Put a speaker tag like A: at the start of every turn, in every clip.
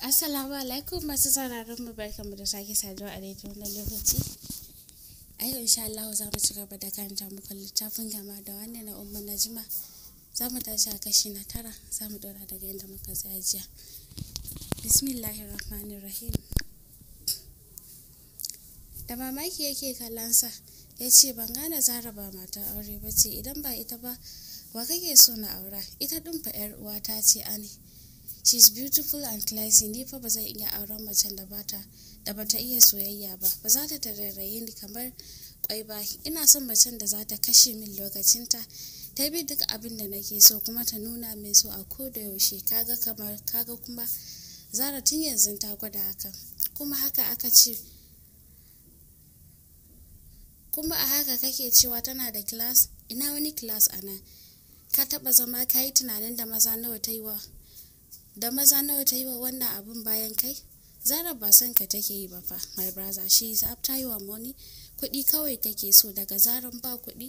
A: Assalamu alaikum masu sauraron mu mu da sake saduwa a daidai wannan lokaci. A insha Allah za mu ci gaba da karanta muku littafin gama da wannan na umma Najma. Za mu tashi a kashi na tara za mu dora daga inda muka tsaya jiya. Bismillahir Rahmanir Rahim. Da mamaki yake kallansa ya ce ban gane Zara ba mata aure ba ce idan ba ita ba wa kake so na aura ita ɗin yar 'yar uwata ce ani. she is beautiful and classy ni fa ba zan iya auren mace da bata da bata iya soyayya ba ba za ta tararraye ni kamar kwai ba ina son macen da za ta kashe min lokacinta ta bi duk abin da nake so kuma ta nuna min so a ko da yaushe kaga kamar kaga kuma zara tun yanzu ta gwada hakan kuma haka aka ce kuma a haka kake cewa tana da class ina wani class anan? ka taba zama ka yi tunanin da maza nawa ta yi wa da maza nawa ta yi wa wannan abun bayan kai zara ba son ka take yi ba fa my brother she is after your money kuɗi kawai take so daga zaran ba kuɗi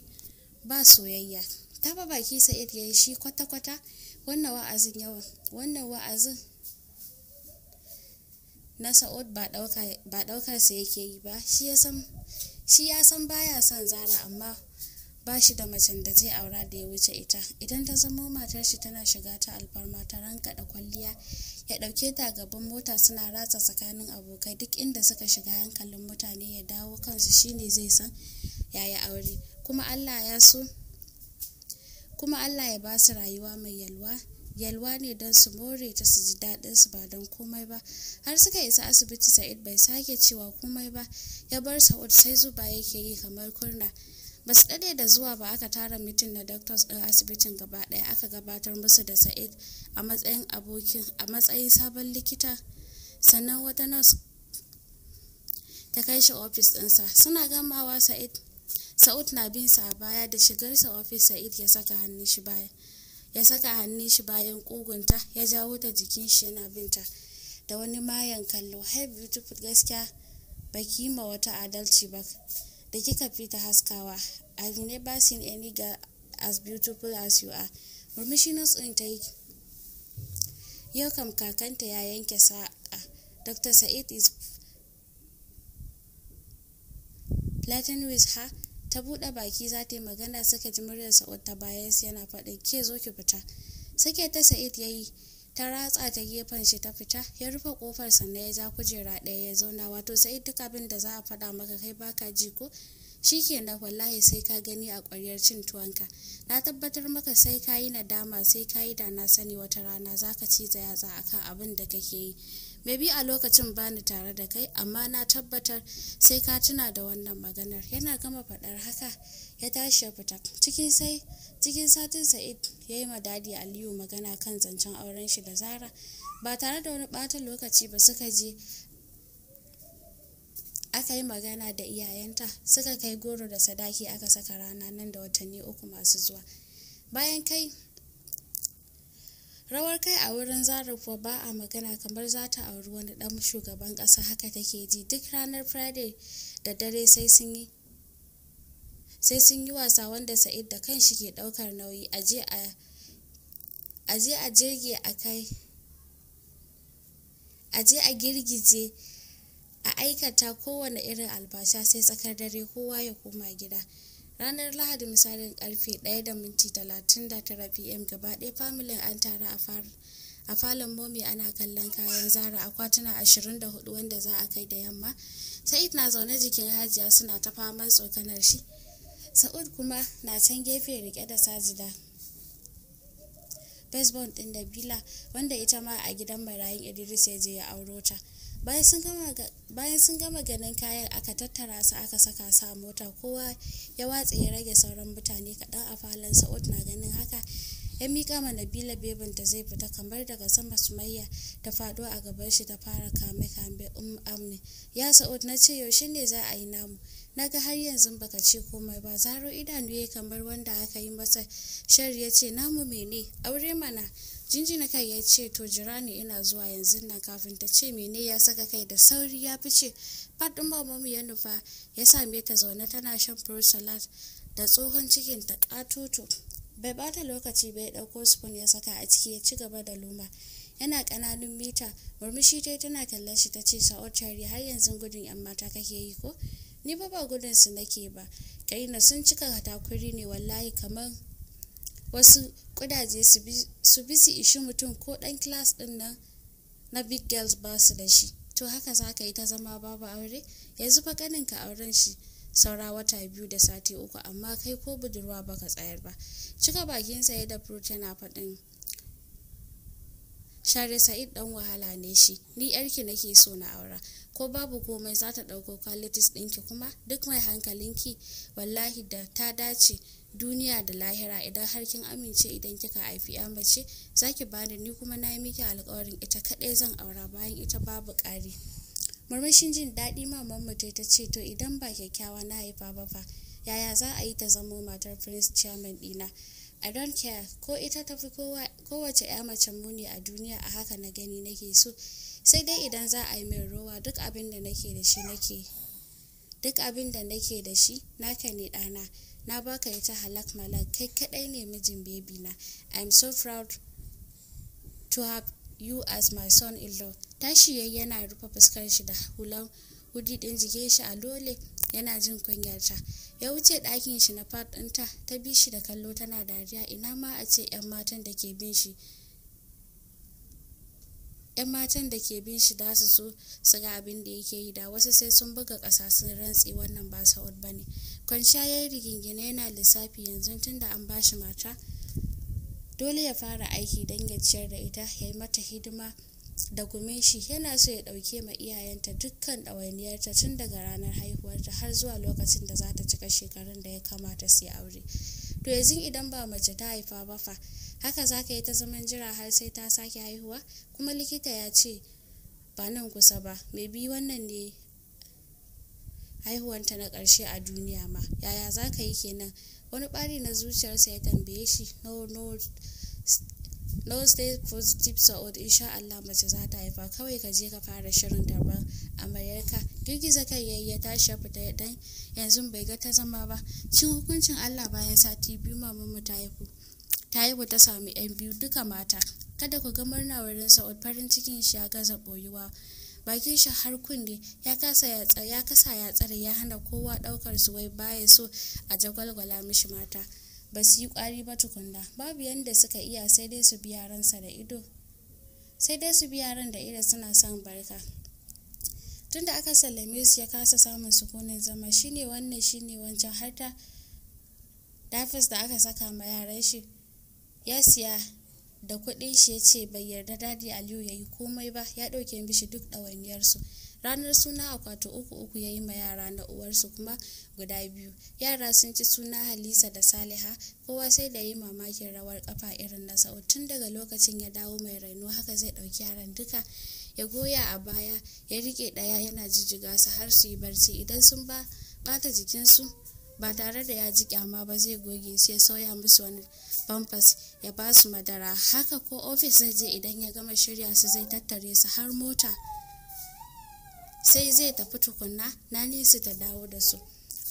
A: ba soyayya ta ba baki sa'id ya yi shi kwata-kwata wannan wa'azin yawa wannan wa'azin na sa'od ba ɗaukar sa yake yi ba shi ya san baya son zara amma ba shi da macen da zai aura da ya wuce ita idan ta zama matar shi tana shiga ta alfarma ta ranka da kwalliya ya ɗauke ta gaban mota suna ratsa tsakanin abokai duk inda suka shiga hankalin mutane ya dawo kansu shine zai san yaya aure kuma allah ya so kuma allah ya ba su rayuwa mai yalwa yalwa ne don su more ta su ji daɗin su ba don komai ba har suka isa asibiti sa'id bai sake cewa komai ba ya bar sa'ud sai zuba yake yi kamar kurna basu su da zuwa ba aka tara mitin na doctors din asibitin gaba ɗaya aka gabatar musu da sa'id a matsayin abokin a matsayin sabon likita sannan wata nurse ta kai shi ofis ɗinsa suna gamawa sa'id sa'ud na bin sa baya da shigarsa ofis sa'id ya saka hannun shi baya ya saka hannun shi bayan kugunta ya jawo ta jikin shi yana binta da wani mayan kallo hey beautiful gaskiya baki ma wata adalci ba da kika fita haskawa i've never seen any girl as beautiful as you are murmushi na ta yi yau kam kakanta ya yanke sa'a dr sa'id is latin with her ta bude baki za ta yi magana suka ji muryarsa ta bayan yana faɗin ke zo ki fita sake ta sa'id ya yi ta ratsa ta gefen shi ta fita ya rufe kofar sannan ya ja kujera ɗaya ya zauna wato sai duk abin da za a faɗa maka kai baka ji ko Shi ke na, wallahi sai ka gani a ƙwaryar cin tuwanka na tabbatar maka sai ka yi nadama sai ka yi da na sani wata rana za ka ciza yatsa akan abin da kake yi maybe a lokacin bani tare da kai amma na tabbatar sai ka tuna da wannan maganar yana gama faɗar haka ya tashi ya fita cikin sai cikin satin sa'id ya yi dadi aliyu magana kan zancen auren shi da zara ba tare da wani bata lokaci ba suka je aka yi magana da iyayenta suka kai goro da sadaki aka saka rana nan da watanni uku masu zuwa bayan kai rawar kai a wurin zara kuwa ba a magana kamar za ta auri wani dan shugaban kasa haka take ji duk ranar friday da dare sai sun yi sai sun yi wasa wanda sa'id da kanshi ke daukar nauyi aje a jirge a kai je a girgije a aikata kowane irin albasha sai tsakar dare kowa ya koma gida ranar lahadi misalin karfe 1 da minti 39 pm gaba ɗaya familin an tara a falon momi ana kallon kayan zara akwatuna 24 wanda za a kai da yamma sa'id na zaune jikin hajiya suna ta faman tsokanar shi sa'ud kuma na can gefe rike da sajida baseball din da bila wanda ita ma a gidan marayun idris ya je ya auro ta bayan sun gama ganin kayan aka tattara su aka saka sa mota kowa ya watsa ya rage sauran mutane kaɗan a falon sa'ud na ganin haka ya miƙa ma nabila bebinta zai fita kamar daga sama sumayya ta faɗo a gaban shi ta fara kame kame um amni ya sa'ud na ce yaushe ne za a yi namu naga har yanzu baka ce komai ba zaro idanu ya kamar wanda aka yi masa shar ya ce namu mene aure mana jinjina kai ya ce to jira ne ina zuwa yanzu nan kafin ta ce mene ya saka kai da sauri ya fice faɗin mamamu ya nufa ya same ta zaune tana shan fruit da tsohon cikin ta katoto bai bata lokaci bai ɗauko spoon ya saka a ciki ya ci gaba da luma yana ƙananun mita murmushi ta tana kallon shi ta ce sa'o'tari har yanzu gudun yan mata kake yi ko ni ba ba gudun su nake ba na sun cika katakuri ne wallahi kamar wasu kudaje su bi su ishi mutum ko dan class din nan na big girls ba su da shi to haka za ka yi ta zama babu aure yanzu fa kanin ka auren shi saura wata biyu da sati uku amma kai ko budurwa baka tsayar ba cika bakin sai da furu tana faɗin share sa'id dan wahala ne shi ni yarki nake so na aura ko babu komai za ta ɗauko qualities ɗinki kuma duk mai hankalinki wallahi da ta dace duniya da lahira idan har kin amince idan kika haifi ya mace zaki bani ni kuma na yi miki alƙawarin ita kaɗai zan aura bayan ita babu ƙari murmushin jin daɗi maman mu ta ce to idan ba kyakkyawa na haifa ba fa yaya za a yi ta zamo matar prince chairman ɗina i don't care ko ita tafi kowace ya mace muni a duniya a haka na gani nake so sai dai idan za a yi min rowa duk abin da nake da shi nake duk abin da nake da shi naka ne ɗana na baka ita halak malak kai kadai ne mijin bebi na i'm so proud to have you as my son in law tashi yayi yana rufe fuskar shi da hulan hudi din jikin shi a dole yana jin kunyarta ya wuce ɗakin shi na fat ɗinta ta bi shi da kallo tana dariya ina ma a ce 'yan matan da ke bin shi 'yan matan da ke bin shi da su so su ga abin da yake yi da wasu sai sun buga ƙasa sun rantse wannan ba sa'ud ba ne kwanciya ya yi rigingine yana lissafi yanzu tunda da an bashi mata dole ya fara aiki don ya ciyar da ita ya yi mata hidima da gumin shi yana so ya ɗauke ma iyayenta dukkan ɗawainiyarta tun daga ranar haihuwarta har zuwa lokacin da za ta cika shekarun da ya kamata su yi aure to yanzu idan ba mace ta haifa ba fa haka za ka yi ta zaman jira har sai ta sake haihuwa kuma likita ya ce ba nan kusa ba mai bi wannan ne haihuwanta na ƙarshe a duniya ma yaya za ka yi kenan wani ɓari na zuciyarsa ya tambaye shi no no No days positive sa'ud insha Allah mace za ta haifa kawai ka je ka fara shirin daban amaryarka girgiza kai yayi ya tashi ya fita dan yanzu bai ga ta zama ba cin hukuncin Allah bayan sati biyu mu ta haihu ta haihu ta samu yan biyu duka mata kada ku ga murna wurin sa'ud farin cikin shi ya gaza boyuwa bakin shi har kunne ya kasa ya tsare ya hana kowa daukar su wai baya so a jagwalgwala mishi mata ba su yi ƙwari ba tukunna babu yadda suka iya sai dai su bi yaransa da ido sai dai su biya ran da ido suna son barka tunda aka sallame su ya kasa samun sukunin zama shine wannan shine wancan har ta dafis da aka saka ma yaran shi ya siya da kuɗin shi ya ce bai yarda dadi aliyu ya yi komai ba ya ɗauke mishi duk ɗawainiyarsu ranar suna akwato uku uku ya yi ma yara na uwarsu kuma guda biyu yara sun ci suna halisa da saliha kowa sai da yi mamakin rawar kafa irin na tun daga lokacin ya dawo mai raino haka zai dauki yaran duka ya goya a baya ya rike ɗaya yana jijiga su har su yi barci idan sun ba ɓata jikinsu ba tare da ya ji kyama ba zai goge su ya sauya musu wani pampas ya ba su madara haka ko ofis zai je idan ya gama shirya su zai tattare su har mota sai zai tafi tukunna na nisu ta dawo da su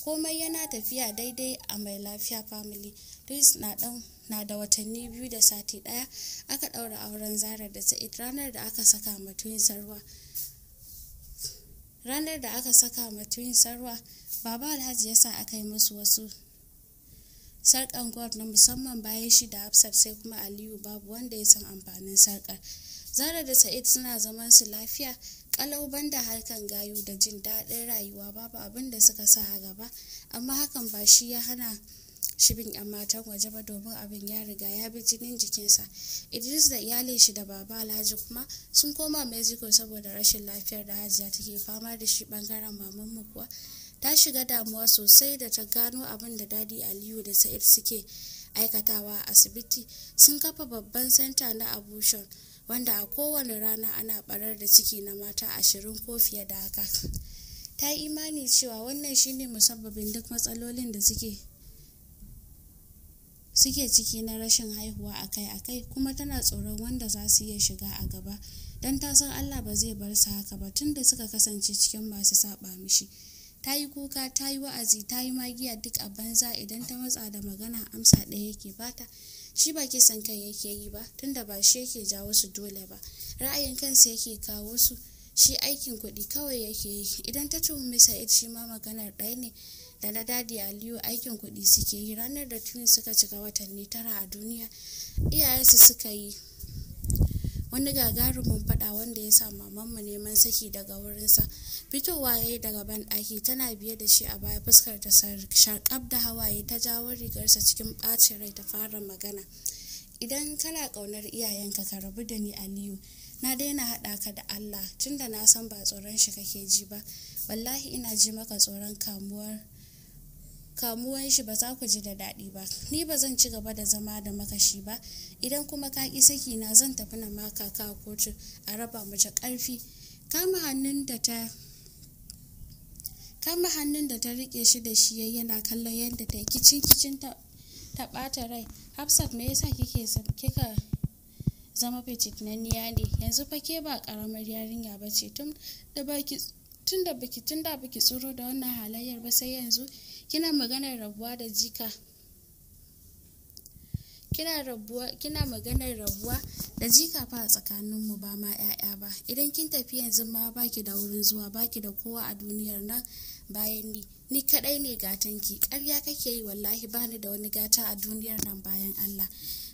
A: komai yana tafiya daidai a mai lafiya family Chris na dan na da watanni biyu da sati daya aka daura auren zara da sa'id ranar da aka saka ma twin sarwa ranar da aka saka ma twin sarwa baba alhaji ya sa aka yi musu wasu sarkan gold na musamman bayan shi da hafsat sai kuma aliyu babu wanda ya san amfanin sarkar zara da sa'id suna zaman su lafiya kalau banda harkan gayu da jin daɗin rayuwa babu abin da suka sa a gaba amma hakan ba shi ya hana shi bin yan matan waje ba domin abin ya riga ya bi jinin jikinsa idris da iyalin shi da baba alhaji kuma sun koma mexico saboda rashin lafiyar da hajiya take fama da shi bangaren mu kuwa ta shiga damuwa sosai da ta gano abin da dadi aliyu da sa'id suke aikatawa a asibiti sun kafa babban senta na abushon wanda a kowane rana ana barar da ciki na mata ashirin ko fiye da haka ta yi imani cewa wannan shine musabbabin duk matsalolin da suke ciki na rashin haihuwa akai-akai kuma tana tsoron wanda za su iya shiga a gaba don ta san allah ba zai bar su haka ba tun da suka kasance cikin masu saba mishi. ta yi kuka ta yi wa'azi ta yi magiya duk a banza idan ta matsa da magana amsa ɗaya yake bata shi ba kisan kan yake yi ba tunda ba shi yake jawo su dole ba ra'ayin kansa yake kawo su shi aikin kuɗi kawai yake yi idan ta tuhumi sa'id shi ma maganar ɗaya ne da na dadi aliyu aikin kuɗi suke yi ranar da tuni suka cika watanni tara a duniya iyayensu suka yi wani gagarumin fada wanda ya sa mamanmu neman saki daga wurinsa fitowa ya yi daga banɗaki tana biye da shi a baya fuskar ta sharkab da hawaye ta jawo rigarsa cikin ɓacin rai ta fara magana idan kana ƙaunar iyayenka ka rabu da ni aliyu na daina haɗa ka da allah tunda na san ba tsoron shi kake ji ba wallahi ina ji maka tsoron kamuwar kamuwan shi ba za ku ji da daɗi ba ni ba zan ci gaba da zama da makashi ba idan kuma ka ƙi saki na zan tafi na maka ka kotu a raba mu da ƙarfi kama hannun da ta kama hannun da ta riƙe shi da shi yana kallon yadda ta kicin kicin ta ta ɓata rai hafsat me yasa kike kika zama fitinanniya ne yanzu fa ke ba ƙaramar yarinya ba ce tun da baki tun da baki tun da baki tsoro da wannan halayyar ba sai yanzu kina maganar rabuwa da jika kina rabuwa kina maganar rabuwa da jika fa a tsakanin mu ba ma 'ya'ya ba idan kin tafi yanzu ma baki da wurin zuwa baki da kowa a duniyar nan bayan ni ni kadai ne gatan ki ƙarya kake yi wallahi bani da wani gata a duniyar nan bayan Allah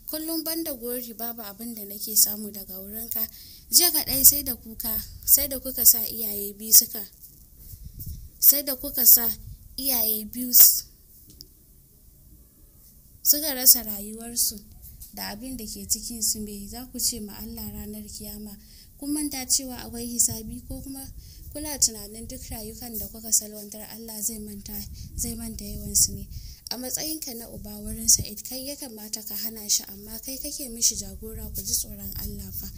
A: kullum banda gori babu abin da nake samu daga wurinka jiya kaɗai sai da kuka sai da kuka sa iyaye biyu suka sai da kuka sa iyaye biyu suka rasa rayuwarsu da abin da ke cikin su me za ku ce ma Allah ranar kiyama kun manta cewa akwai hisabi ko kuma kula tunanin duk rayukan da kuka salwantar Allah zai manta zai manta yawansu ne a matsayinka na uba wurin sa'id kai ya kamata ka hana shi amma kai kake mishi jagora ku ji tsoron Allah fa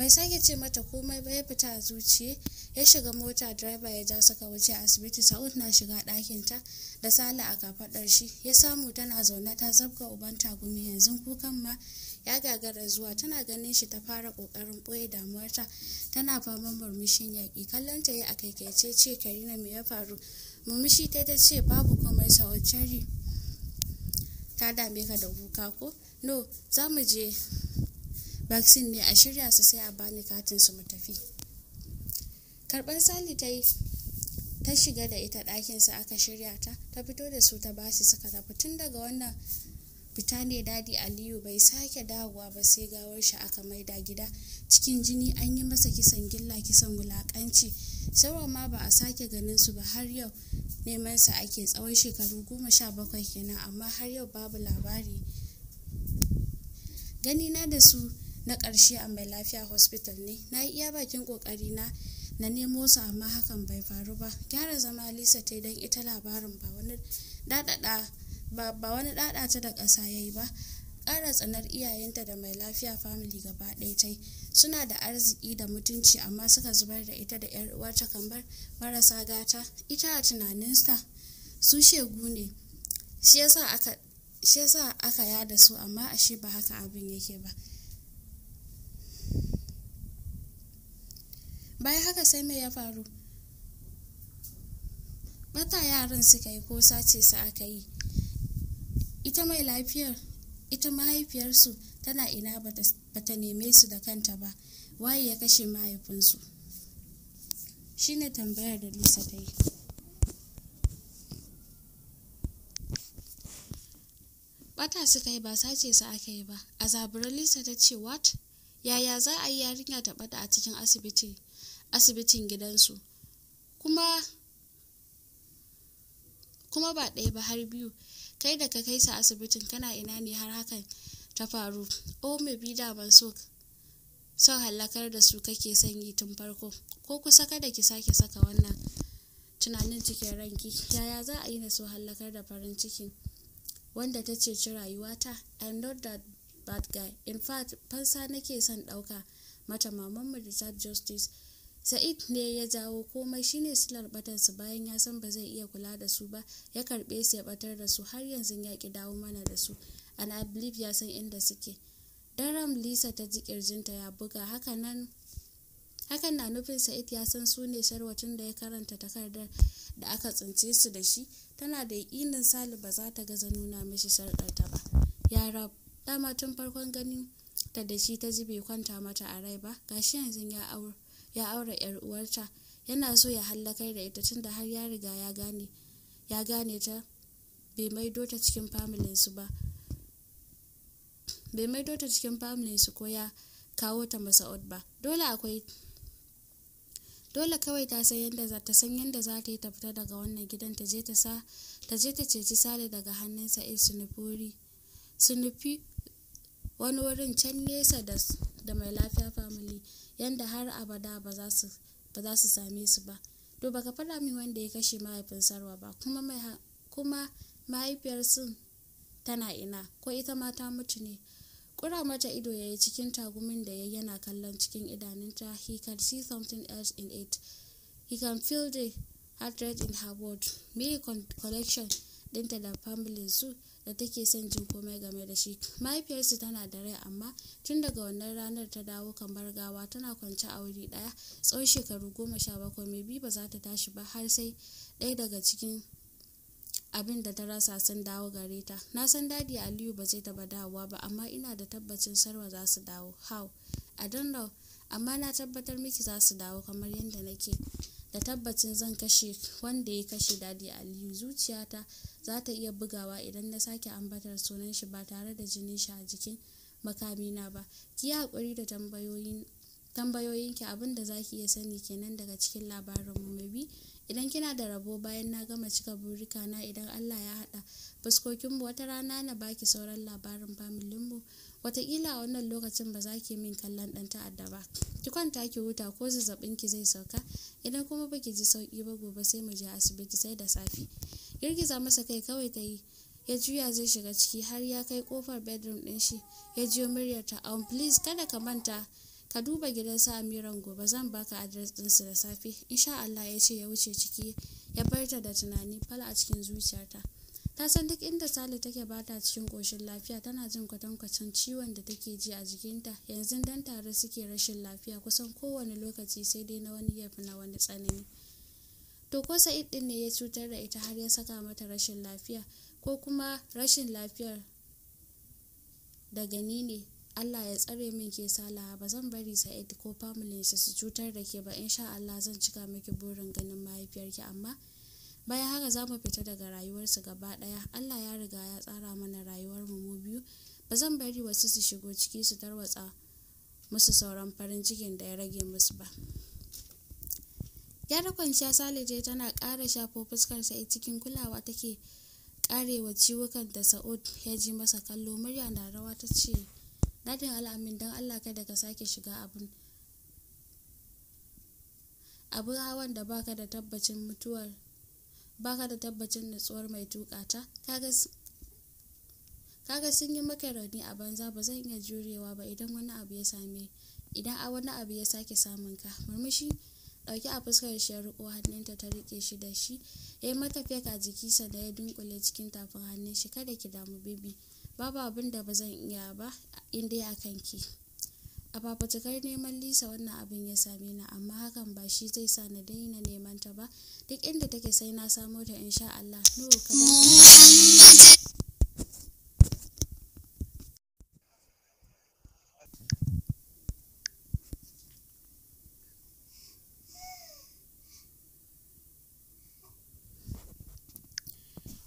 A: bai sake ce mata komai ba ya fita a zuciye ya shiga mota driver ya ja saka wuce asibiti sa'ud na shiga ɗakin ta da sala a kafaɗar shi ya samu tana zaune ta zabga uban tagumi yanzu kukan ma ya gagara zuwa tana ganin shi ta fara kokarin ɓoye damuwarta tana faman murmushin yaƙi kallon ta yi a kaikaice ce karina me ya faru murmushi ta ta ce babu komai sa'ud ta dame ka da kuka ko no za mu je vaccine ne a shirya su sai a bani katin su mu tafi karɓar sali ta ta shiga da ita ɗakinsa aka shirya ta ta fito da su ta bashi suka tafi tun daga wannan fita ne dadi aliyu bai sake dawowa ba sai gawar shi aka maida gida cikin jini an yi masa kisan gilla kisan wulakanci sauran ma ba a sake ganin su ba har yau neman sa ake tsawon shekaru goma sha bakwai kenan amma har yau babu labari gani na da su na ƙarshe a mai lafiya hospital ne na yi iya bakin ƙoƙari na na nemo su amma hakan bai faru ba gyara zama lisa ta don ita labarin ba wani daɗa ta da ƙasa ya yi ba ƙara tsanar iyayenta da mai lafiya family gaba ɗaya ta suna da arziki da mutunci amma suka zubar da ita da 'yar uwarta kamar marasa gata ita a tunaninsa su shegu ne shi yasa aka yada su amma ashe ba haka abin yake ba bayan haka sai mai ya faru bata yaran suka yi ko sace su aka yi ita mai lafiyar ita mahaifiyarsu tana ina bata neme su da kanta ba waye ya kashe mahaifinsu shine tambayar da lisa ta yi bata suka yi ba sace su aka yi ba a zaburar lisa ta ce what yaya za a yi yarinya ta bada a cikin asibiti asibitin gidansu kuma kuma ba ɗaya ba har biyu kai da ka kai sa asibitin kana ina ne har hakan ta faru oh mai bi daman so son hallakar da su kake son yi tun farko ko kusa kada ki sake saka wannan tunanin cikin ranki yaya za a yi na so hallakar da farin ciki wanda ta ceci rayuwata i'm not that bad guy in fact fansa nake son ɗauka mata mu da justice sa'id ne ya jawo komai shine silar batarsu bayan ya san ba zai iya kula da su ba ya karbe su ya batar da su har yanzu ya ki dawo mana da su and i believe ya san inda suke daram lisa ta ji kirjinta ya buga hakanan hakan na nufin sa'id ya san su ne sharwacin da ya karanta takardar da aka tsince su da shi tana da yakinin sali ba za ta gaza nuna mishi ta ba yara dama tun farkon ganin ta da shi ta ji bai kwanta mata a rai ba gashi yanzu ya aure ya aure yar uwarta yana so ya hallakar da ita tunda har ya riga ya gane ya gane ta bai maido ta cikin familin su ba bai maido ta cikin familin su ko ya kawo ta masa'ud ba dole akwai dole kawai ta san yadda za ta san yadda za ta yi ta fita daga wannan gidan ta je ta sa ta je ta ceci sale daga hannunsa sa'id eh, sunufuri sunufi wani wurin can nesa da da mai lafiya family yanda har abada ba za su same su ba to baka faɗa min wanda ya kashe mahaifin sarwa ba kuma mahaifiyar sun tana ina ko ita mata mutu ne kura mata ido ya yi cikin tagumin da yayi yana kallon cikin idanunta he can see something else in it he can feel the heart rate in her world me collection dinta da family su da take son jin komai game da shi mahaifiyarsu tana da rai amma tun daga wannan ranar ta dawo kamar gawa tana kwance a wuri daya tsawon shekaru goma sha bakwai mai bi ba za ta tashi ba har sai ɗaya daga cikin abin da ta rasa sun dawo gare ta na san dadi aliyu ba zai taba dawowa ba amma ina da tabbacin sarwa za su dawo how i don't know amma na tabbatar miki za su dawo kamar yadda nake da tabbacin zan kashe wanda ya kashe dadi aliyu zuciyata za ta iya bugawa idan na sake ambatar sunan shi ba tare da jinin shi a jikin makamina ba ki yi haƙuri da tambayoyin ki abin da za ki iya sani kenan daga cikin labarinmu mai bi idan kina da rabo bayan na gama cika burika na idan allah ya haɗa fuskokinmu wata rana na baki sauran labarin mu. wataƙila a wannan lokacin ba za ki min kallon ɗan ta'adda ba ki kwanta ki huta ko zazzaɓin ki zai sauka idan kuma ba ki ji sauƙi ba gobe sai mu je asibiti sai da safe girgiza masa kai kawai ta yi ya juya zai shiga ciki har ya kai kofar bedroom ɗin shi ya jiyo ta on please kada ka manta ka duba gidan sa amiran gobe zan baka adres ɗinsu da safe insha Allah ya ce ya wuce ciki ya bar ta da tunani fal a cikin zuciyarta ta san duk inda sale take ba ta cikin koshin lafiya tana jin kwatankwacin ciwon da take ji a jikinta yanzu dan tare suke rashin lafiya kusan kowane lokaci sai dai na wani yafi na wani tsanani to ko sa'id din ne ya cutar da ita har ya saka mata rashin lafiya ko kuma rashin lafiyar da gani ne Allah ya tsare min ke salaha ba zan bari sa'id ko familinsa su cutar da ke ba insha Allah zan cika miki burin ganin mahaifiyarki amma bayan haka za mu fita daga rayuwarsu gaba ɗaya allah ya riga ya tsara mana rayuwar mu mu biyu ba zan bari wasu su shigo ciki su tarwatsa musu sauran farin cikin da ya rage musu ba yara kwanciya salije tana ƙara shafo fuskarsa a cikin kulawa take karewa ciwukan da sa'ud ya ji masa kallo murya na rawa ta ce dadin al'amin don allah kada ka sake shiga abin abin hawan da baka da tabbacin mutuwar baka da tabbacin nutsuwar mai tuka ta kaga sun yi maka rauni a banza ba zan iya jurewa ba idan wani abu ya same idan a wani abu ya sake samun ka murmushi dauki a fuskar shi riko hannunta ta rike shi da shi ya yi mata fek a jikinsa da ya dunkule cikin tafin hannun shi kada ki damu bibi babu abin da ba zan iya ba in dai akan ki a fafutukar neman lisa wannan abin ya same ni amma hakan ba shi zai sa na daina neman ta ba duk inda take sai na samo ta insha Allah nuru ka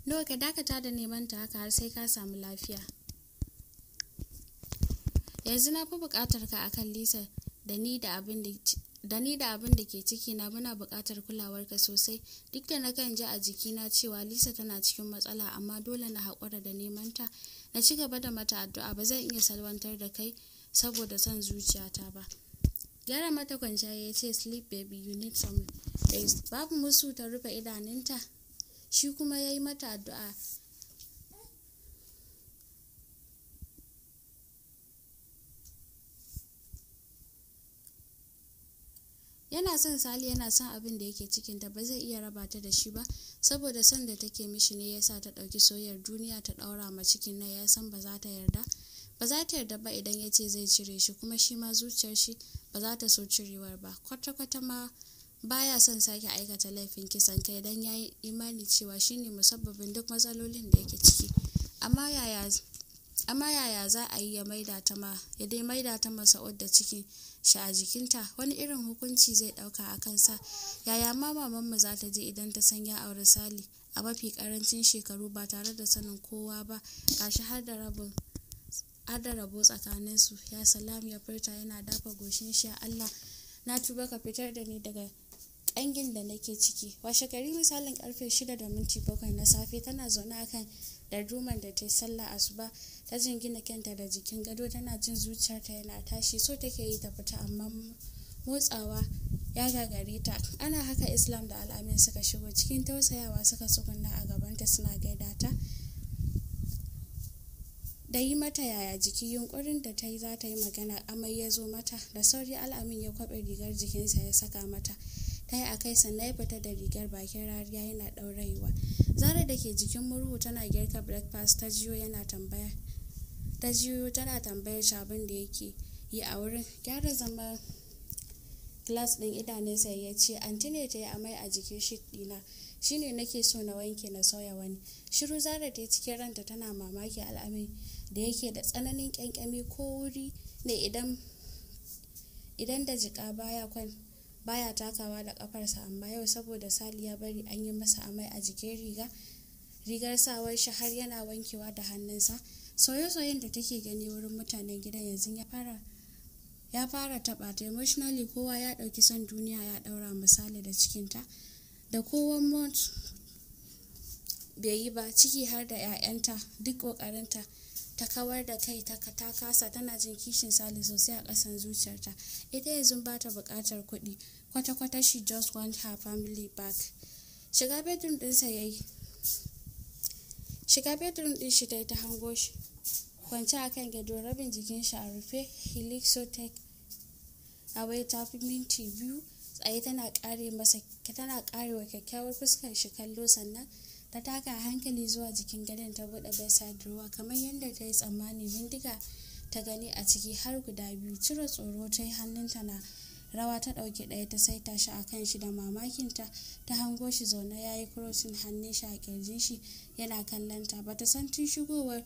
A: Nawa ka dakata da neman ta haka har sai ka samu lafiya. yanzu na fi buƙatar ka akan lisa da ni da abin da ke ciki na muna buƙatar kulawarka sosai duk da na kan ji a jikina cewa lisa tana cikin matsala amma dole na haƙura da neman ta na ci gaba da mata addu'a ba zan iya salwantar da kai saboda son zuciyata ba gyara mata kwanciya ya ce sleep baby you need some rest babu musu ta rufe idanunta shi kuma ya yi mata addu'a yana son sali yana son abin da yake cikin ta ba zai iya raba ta da shi ba saboda son da take mishi ne yasa ta ɗauki soyayyar duniya ta ɗaura ma cikin na ya san ba za ta yarda ba za ta yarda ba idan ya ce zai cire shi kuma shi ma zuciyar shi ba za ta so cirewar ba kwata-kwata ma baya son sake aikata laifin kisan kai dan yayi imani cewa shine musabbabin duk matsalolin da yake ciki amma yaya amma yaya za a yi ya maida ta ma ya dai maida ta masa da cikin shi a jikinta wani irin hukunci zai dauka a kansa yaya ma maman mu za ta je idan ta san ya aure sali a mafi karancin shekaru ba tare da sanin kowa ba gashi har da rabin har da rabo tsakaninsu ya salam ya furta yana dafa goshin shi a allah na tuba ka fitar da ni daga ƙangin da nake ciki washe gari misalin karfe 6 da minti 7 na safe tana zaune akan darduman da ta yi sallah asuba ta jingina kyanta da jikin gado tana jin zuciyarta yana tashi so take yi ta fita amma motsawa ya gagare ta ana haka islam da al'amin suka shigo cikin tausayawa suka tsugunna a gabanta suna gaida ta da yi mata yaya jiki yunkurin da ta yi za ta yi magana amai ya zo mata da sauri al'amin ya kwaɓe rigar jikinsa ya saka mata kai a kai sannan ya fita da rigar bakin rariya yana ɗaurayewa zara da ke jikin murhu tana girka breakfast ta jiyo yana tambaya ta jiyo tana tambayar shi abin da yake yi a wurin gyara zama glass din idanunsa ya ce anti ne ta yi amai a jikin shi ɗina shine nake so na wanke na sauya wani shiru zara ta yi cikin ranta tana mamaki al'amin da yake da tsananin kyankyami ko wuri ne idan da jika baya kwan baya takawa da kafarsa amma yau saboda sali ya bari an yi masa amai a jikin riga rigar sawar shi har yana wankewa da hannunsa soye da take gani wurin mutanen gidan yanzu ya fara ya fara taba ta emotionally kowa ya dauki son duniya ya daura misali da cikinta da kowan mont bai yi ba ciki har da 'ya'yanta duk kokarinta ta kawar da kai ta kasa tana jin kishin sali sosai a ƙasan zuciyarta ita yanzu ba ta buƙatar kuɗi kwata-kwata she just want her family back shiga bedroom ɗinsa ya yi ɗin shi dai ta hango shi kwance a kan gado rabin jikin shi a rufe he looks so away ta fi minti biyu tsaye tana ƙare tana ƙarewa kyakkyawar fuskar shi kallo sannan ta taka hankali zuwa jikin gadon ta buɗe da ruwa kamar yadda ta yi tsammani bindiga ta gani a ciki har guda biyu cire tsoro ta yi hannunta na rawa ta ɗauki ɗaya ta sai ta shi a kan shi da mamakinta ta hango shi zaune ya yi kurosin hannun shi a ƙirjin shi yana kallon ta bata san tun shigowar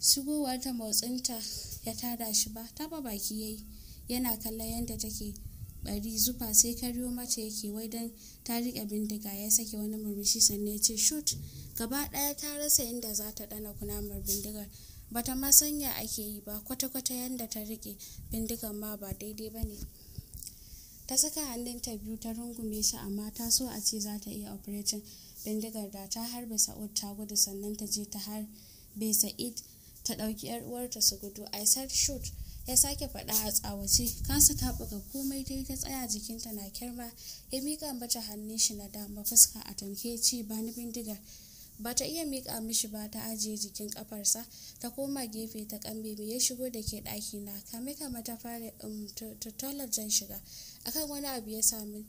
A: shigowar ta motsinta ya tada shi ba taba baki yayi yana kallon yadda take bari zufa sai karyo mata yake wai dan ta rike bindiga ya sake wani murmushi sannan ya ce shoot gaba ɗaya ta rasa inda za ta ɗana kunamar bindigar bata ma sanya ake yi ba kwata-kwata yadda ta rike bindigar ma ba daidai ba ne ta saka hannun ta biyu ta rungume shi amma ta so a ce za ta iya operation bindigar da ta harbe sa'ud ta gudu sannan ta je ta harbe sa'id ta ɗauki 'yar uwarta su gudu said shoot ya sake faɗa a tsawace kansa ta buga komai dai ta tsaya jikinta na kyarma ya miƙa mata hannun shi na dama fuska a tamke ce ba ni bindigar ba ta iya miƙa mishi ba ta ajiye jikin ƙafarsa ta koma gefe ta kambe ya shigo da ke ɗaki na kame kama ta fara um, tattalar jan shiga akan wani abu ya sami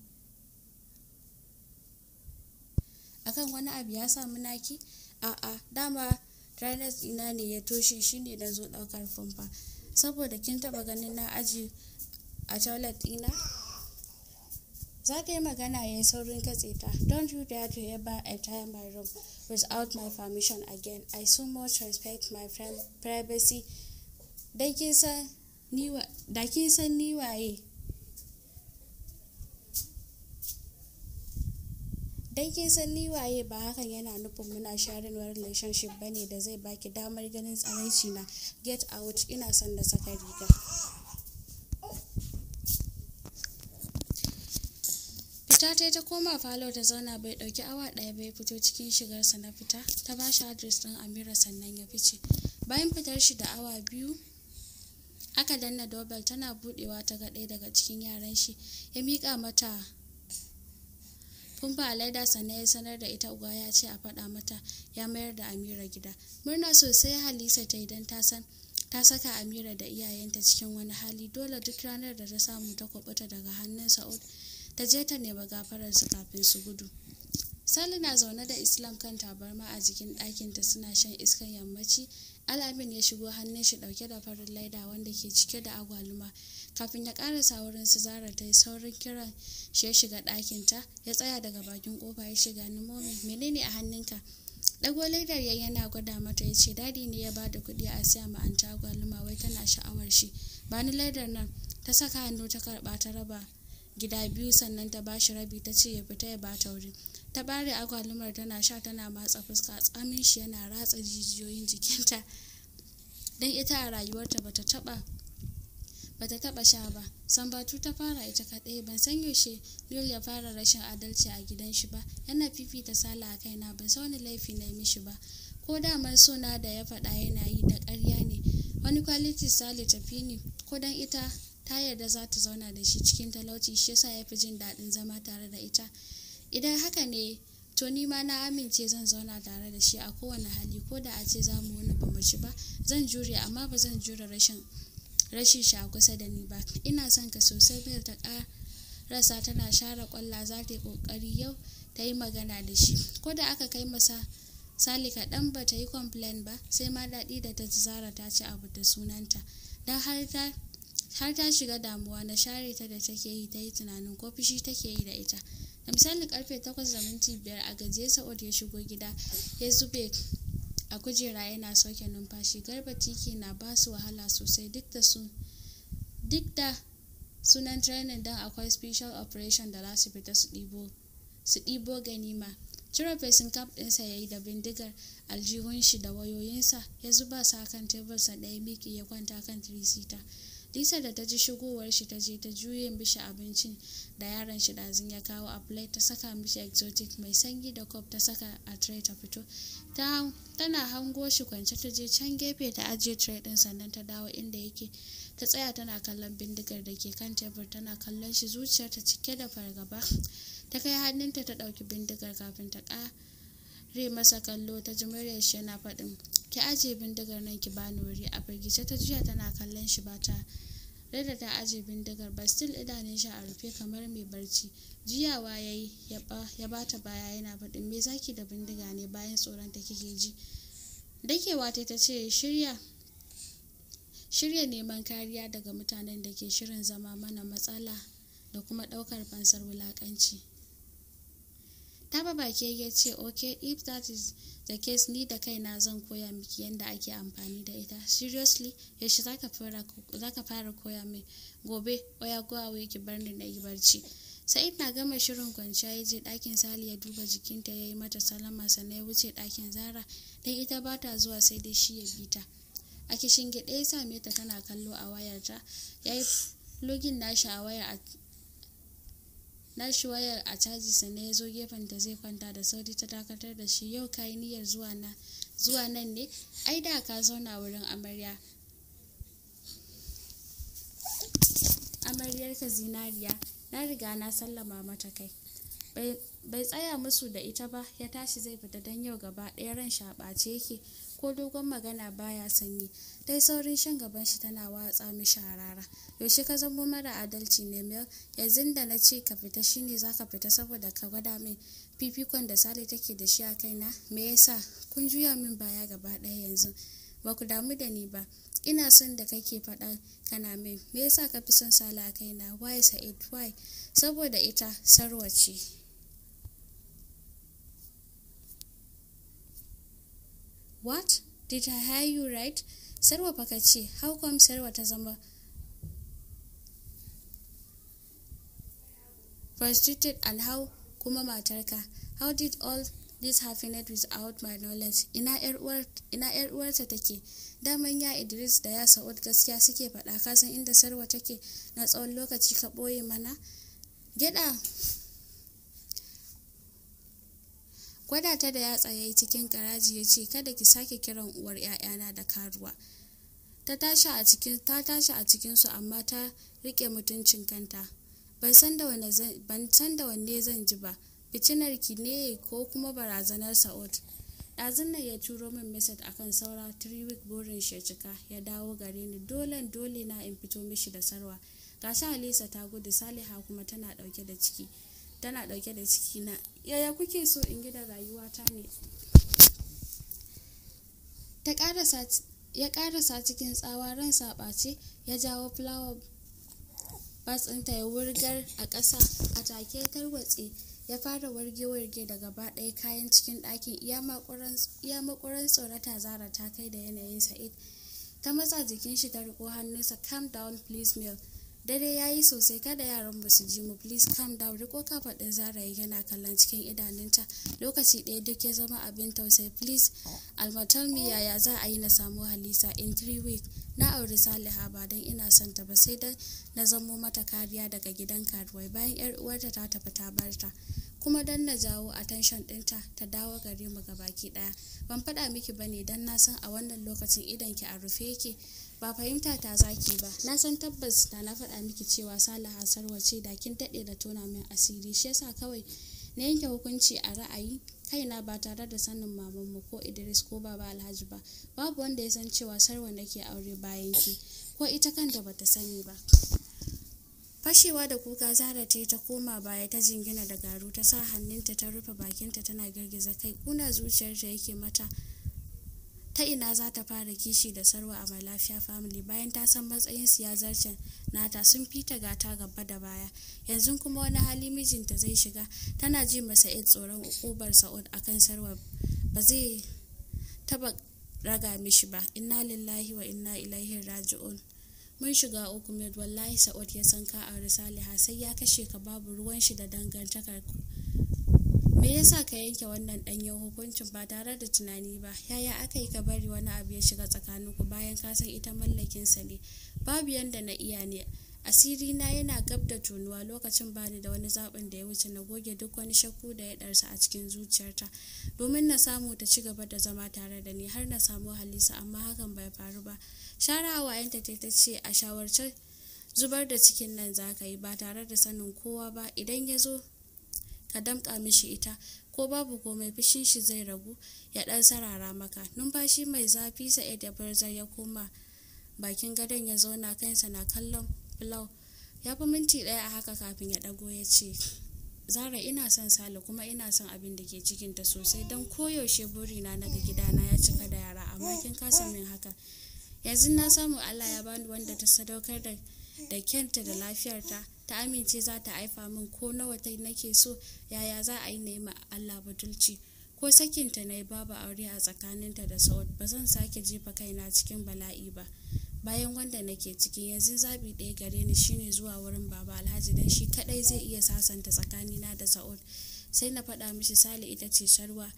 A: akan wani abu ya sami naki a'a dama ranar ina ne ya toshe shine na zo ɗaukar fumfa saboda kin taba ganin na aji a toilet ɗina za ka yi magana ya yi saurin katse ta don't you dare to ever enter my room without my permission again i so much respect my friend privacy da kin san ni waye dan kin san ni waye ba hakan yana nufin muna sharing wani relationship bane da zai baki damar ganin tsaraici na get out ina son da saka riga fita ta ta koma falo ta zauna bai dauki awa daya bai fito cikin shigarsa na fita ta ba shi adres din amira sannan ya fice bayan fitar shi da awa biyu aka danna dobel tana budewa ta ga ɗaya daga cikin yaran shi ya mika mata kumfa a laida sannan ya sanar da ita uba ya ce a faɗa mata ya mayar da amira gida murna sosai halisa ta idan ta san ta saka amira da iyayenta cikin wani hali dole duk ranar da ta samu ta kwabata daga hannun sa'ud ta je ta nema gafararsu kafin su gudu sali na zaune da islam kan tabarma a jikin ɗakinta suna shan iskar yammaci alamin ya shigo hannun shi ɗauke da farin laida wanda ke cike da agwaluma kafin ya karasa wurin su zara ta yi saurin kiran shi ya shiga ɗakinta ya tsaya daga bakin kofa ya shiga ni momi menene a hannunka ɗago ledar ya yana gwada mata ya ce dadi ne ya bada da kuɗi a siya ma an wai tana sha'awar shi Bani ni ledar nan ta saka hannu ta karɓa ta raba gida biyu sannan ta bashi rabi ta ce ya fita ya bata wuri ta bare agwalumar tana sha tana matsa fuska tsamin shi yana ratsa jijiyoyin jikinta don ita a rayuwarta bata taba ba ta taɓa sha ba sambatu ta fara ita kaɗai ban san yaushe yul ya fara rashin adalci a gidan shi ba yana fifita sala a kaina ban san wani laifi na mishi ba ko dama suna da ya faɗa yana yi da ƙarya ne wani kwaliti sale tafi ne ko dan ita ta yarda za ta zauna da shi cikin talauci shi yasa ya fi jin daɗin zama tare da ita idan haka ne to ni ma na amince zan zauna tare da shi a kowane hali ko da a ce za mu wani ba mu ci ba zan jure amma ba zan jure rashin rashin sha kusa da ni ba ina son ka sosai mil ta karasa tana share kwalla za ta yi kokari yau ta yi magana da shi ko da aka kai masa sali kaɗan ba ta yi complain ba sai ma daɗi da ta zara ta ci abu da sunanta don har ta har ta shiga damuwa na share ta da take yi ta yi tunanin ko fushi take yi da ita da misali karfe takwas da minti biyar a gajiye sa'ud ya shigo gida ya zube a kujera yana sauke numfashi garba ciki na ba su wahala sosai duk da su duk da sunan training don akwai special operation da za su fita su ɗibo su ɗibo ganima cire fesin cap ɗinsa ya yi da bindigar aljihunshi shi da wayoyinsa ya zuba su kan tebursa ɗaya miki ya kwanta kan tirisita Lisa da ta ji shigowar shi ta je ta juye mishi abincin da yaron shi ɗazin ya kawo a plate ta saka mishi exotic mai sanyi da cup ta saka a tray ta fito. tana hango shi kwance ta je can gefe ta ajiye tray din sannan ta dawo inda yake. Ta tsaya tana kallon bindigar da ke kan tebur tana kallon shi zuciyar ta cike da fargaba. Ta kai hannunta ta ɗauki bindigar kafin ta ƙara rai masa kallo ta ji muryar shi yana faɗin ki aje bindigar nan ki bani wuri a firgice ta juya tana kallon shi ba ta rada ta aje bindigar ba still idanun shi a rufe kamar mai barci juyawa ya yi ya bata baya yana faɗin me zaki da bindiga ne bayan tsoron ta kike ji dakewa ta ta ce shirya shirya neman kariya daga mutanen da ke shirin zama mana matsala da kuma ɗaukar fansar wulaƙanci ta ba baki ya ce okay if that is the case ni da kaina zan koya miki yadda ake amfani da ita seriously yaushe za ka fara koya min gobe oya go away ki bar ni na yi barci sa'id na gama shirin kwanciya ya je ɗakin sali ya duba jikinta ya yi mata salama sannan ya wuce ɗakin zara don ita ba ta zuwa sai dai shi ya bi ta a kishin gida ya same ta tana kallo a wayarta ya yi login nashi a wayar na shi wayar a caji na ya zo gefen ta zai kwanta da sauri ta dakatar da shi yau yi niyyar zuwa nan ne ai da ka zauna wurin amarya ka zinariya na riga na sallama mata kai bai tsaya musu da ita ba ya tashi zai fita don yau gaba ɗaya ran shaɓace yake ko dogon magana baya son yi dai saurin shan gaban shi tana watsa mishi harara yaushe ka zamo mara adalci ne mel yanzu da na ce ka fita shine zaka fita saboda ka gwada min fifikon da sale take da shi a kaina me yasa kun juya min baya gaba ɗaya yanzu ba ku damu da ni ba ina son da kake faɗa kana min me yasa ka fi son sale a kaina why sa'id why saboda ita sarwace what did i hire you right sarwa baka ce how come sarwa ta zama prostituted and how kuma matarka how did all this happen without my knowledge ina yar uwarta take daman ya idris da ya sa'ud gaskiya suke faɗa kasan inda sarwa take na tsawon lokaci ka ɓoye mana gyaɗa gwada da ya tsaye cikin karaji ya ce kada ki sake kiran uwar 'ya'yana da karuwa ta tashi a cikin ta tashi a cikin su amma ta rike mutuncin kanta ban san da wanne zan ji ba fitinar ki ne ko kuma barazanar saot ɗazun nan ya turo min mesaj kan saura three week burin shi cika ya dawo gare ni dole dole na in fito mishi da sarwa gashi alisa ta gudu saliha kuma tana dauke da ciki tana ɗauke da cikina yaya kuke so in gida rayuwata ne ya ƙarasa cikin tsawa ran saɓace ya jawo fulawa batsinta ya wurgar a ƙasa a take tarwatse ya fara warge-warge daga gaba ɗaya kayan cikin ɗakin iya makuran tsorata zara ta kai da yanayin sa'id ta matsa jikin shi ta riko hannunsa calm down please mill dare ya yi sosai kada yaran ba su ji mu please calm down riko kafa din zara yana kallon cikin idanunta lokaci ɗaya duk ya zama abin tausayi please alma tell me yaya za a yi na samu halisa in three weeks na auri saliha ba don ina son ta ba sai dai na zamo mata kariya daga gidan karuwai bayan yar uwarta ta tafi ta barta kuma don na jawo attention dinta ta dawo gare mu gabaki ɗaya ban faɗa miki ba ne don na san a wannan lokacin idan ki a rufe yake ba fahimta ta zaki ba na san tabbas da na faɗa miki cewa salaha ce da kin daɗe da tona min asiri shi yasa kawai na yanke hukunci a ra'ayi kaina ba tare da sanin maman mu ko idris ko baba alhaji ba babu wanda ya san cewa sarwa nake aure bayan ki ko ita kanta bata sani ba fashewa da kuka zara ta ta koma baya ta jingina da garu ta sa hannunta ta rufe bakinta tana girgiza kai kuna zuciyarta yake mata ta ina za ta fara kishi da sarwa a lafiya family bayan ta san matsayin siyasar can nata sun fita gata gaba da baya yanzu kuma wani hali mijinta zai shiga tana ji masa id tsoron ukubar sa'ud kan sarwa ba zai taba raga mishi ba inna lillahi wa inna ilaihi raji'un mun shiga uku wallahi sa'ud ya san ka a saliha sai ya kashe ka babu ruwan shi da dangantakar me yasa ka yanke wannan ɗanyen hukuncin ba tare da tunani ba yaya aka yi ka bari wani abu ya shiga tsakaninku bayan ka san ita mallakinsa ne babu yanda na iya ne asiri na yana gab da tunuwa lokacin bani da wani zaɓin da ya wuce na goge duk wani shakku da ya ɗarsa a cikin zuciyarta domin na samu ta ci gaba da zama tare da ni har na samu halisa amma hakan bai faru ba share hawayenta ta ta ce a shawarce zubar da cikin nan za ka yi ba tare da sanin kowa ba idan ya zo ka damƙa mishi ita ko babu komai fushin shi zai ragu ya ɗan sarara maka numfashi mai zafi sa'id ya barzar ya koma bakin gadon ya zauna kansa na kallon fulau ya fi minti ɗaya a haka kafin ya ɗago ya ce zara ina son sale kuma ina son abin da ke cikinta sosai don koyaushe burina na ga gidana ya cika da yara amma kin kasa min haka yanzu na samu allah ya bani wanda ta sadaukar da da da lafiyarta ta amince za ta haifa min ko nawa ta nake so yaya za a yi na Allah budulci ko sakinta na yi babu aure a tsakaninta da sa'ud ba zan sake jefa kaina cikin bala'i ba bayan wanda nake ciki yanzu zabi ɗaya gare ni shine zuwa wurin baba alhaji dan shi kaɗai zai iya sasanta tsakanina da sa'ud sai na faɗa mishi sale ita ce sharwa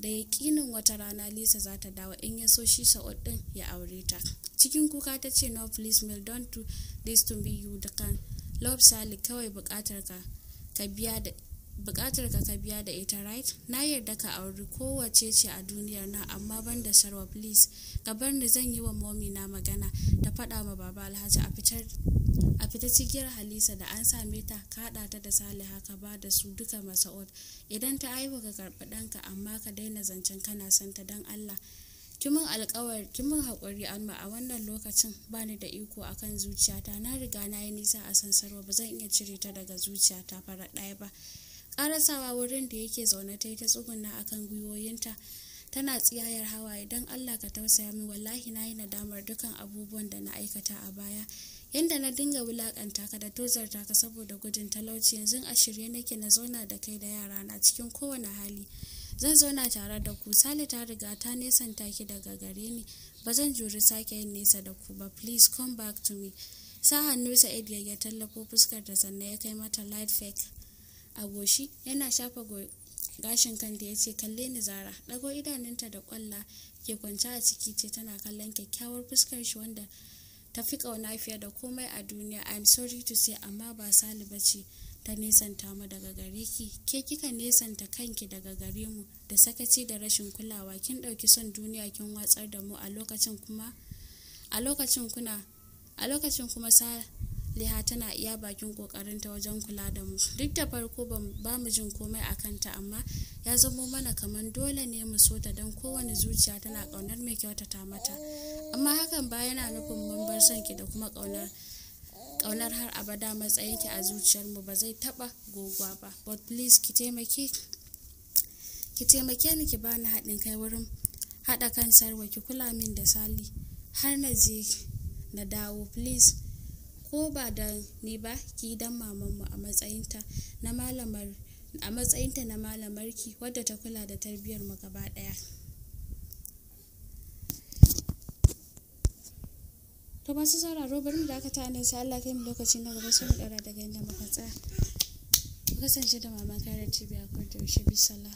A: da yaƙinin wata rana lisa za ta dawo in ya so shi sa'ud ɗin ya aure ta cikin kuka ta ce no please mel don't do this to me you can love sally kawai bukatar ka ka biya da ka ita right na yarda ka auri kowace ce a duniyar nan amma ban da sarwa please ka bar ni zan yi wa momi na magana ta faɗa ma baba alhaji a fitar a fita cikiyar halisa da an same ta kaɗa ta da saliha ka ba da su duka masa'ud idan ta haihu ka karɓi ɗanka amma ka daina zancen kana santa ta don allah kimin alkawar kimin haƙuri alma a wannan lokacin bani da iko akan zuciyata na riga na yi nisa a sansarwa ba zan iya cire ta daga zuciyata fara ɗaya ba ƙarasawa wurin da yake zaune ta yi ta tsuguna akan gwiwoyinta tana tsiyayar hawa idan allah ka tausaya min wallahi na yi nadamar dukan abubuwan da na aikata a baya yadda na dinga wulakanta ka da tozarta ka saboda gudun talauci yanzu a shirye nake na zauna da kai da yara na cikin kowane hali zan zauna tare da ku sale ta riga ta ta ki daga gare ni ba zan juri sake yin nesa da ku ba please come back to me sa hannu sa'id ya tallafo fuskar da sannan ya kai mata light fake a goshi yana shafa gashin kanta ya ce kalle ni zara ɗago idanunta da kwalla ke kwance a ciki ce tana kallon kyakkyawar fuskar shi wanda tafi ƙauna fiye da komai a duniya i'm sorry to say amma ba sali ba ce ta nesanta mu daga gare ki ke kika nesanta kanki daga gare mu da sakaci da rashin kulawa kin ɗauki son duniya kin watsar da mu a lokacin kuma a lokacin kuna a lokacin kuma saliha tana iya bakin ta wajen kula da mu duk da farko ba mu jin komai a kanta amma ya zamo mana kamar dole ne mu so ta don kowane zuciya tana ƙaunar mai kyautata mata amma hakan ba yana nufin mun bar son da kuma ƙaunar ƙaunar har abada matsayinki a zuciyarmu ba zai taɓa gogwa ba but please ki taimake ki taimake ni ki bani haɗin kai wurin haɗa kan sarwa ki kula min da sali har na je na dawo please ko ba da ni ba ki dan mamanmu a matsayinta na malamar a matsayinta na malamarki wadda ta kula da mu gaba ɗaya ta masu sauraro bari mu dakata nan sai Allah kai mu lokaci na gaba sai mu dara daga inda muka tsaya kasance da mama da cibiya ko da yaushe bisala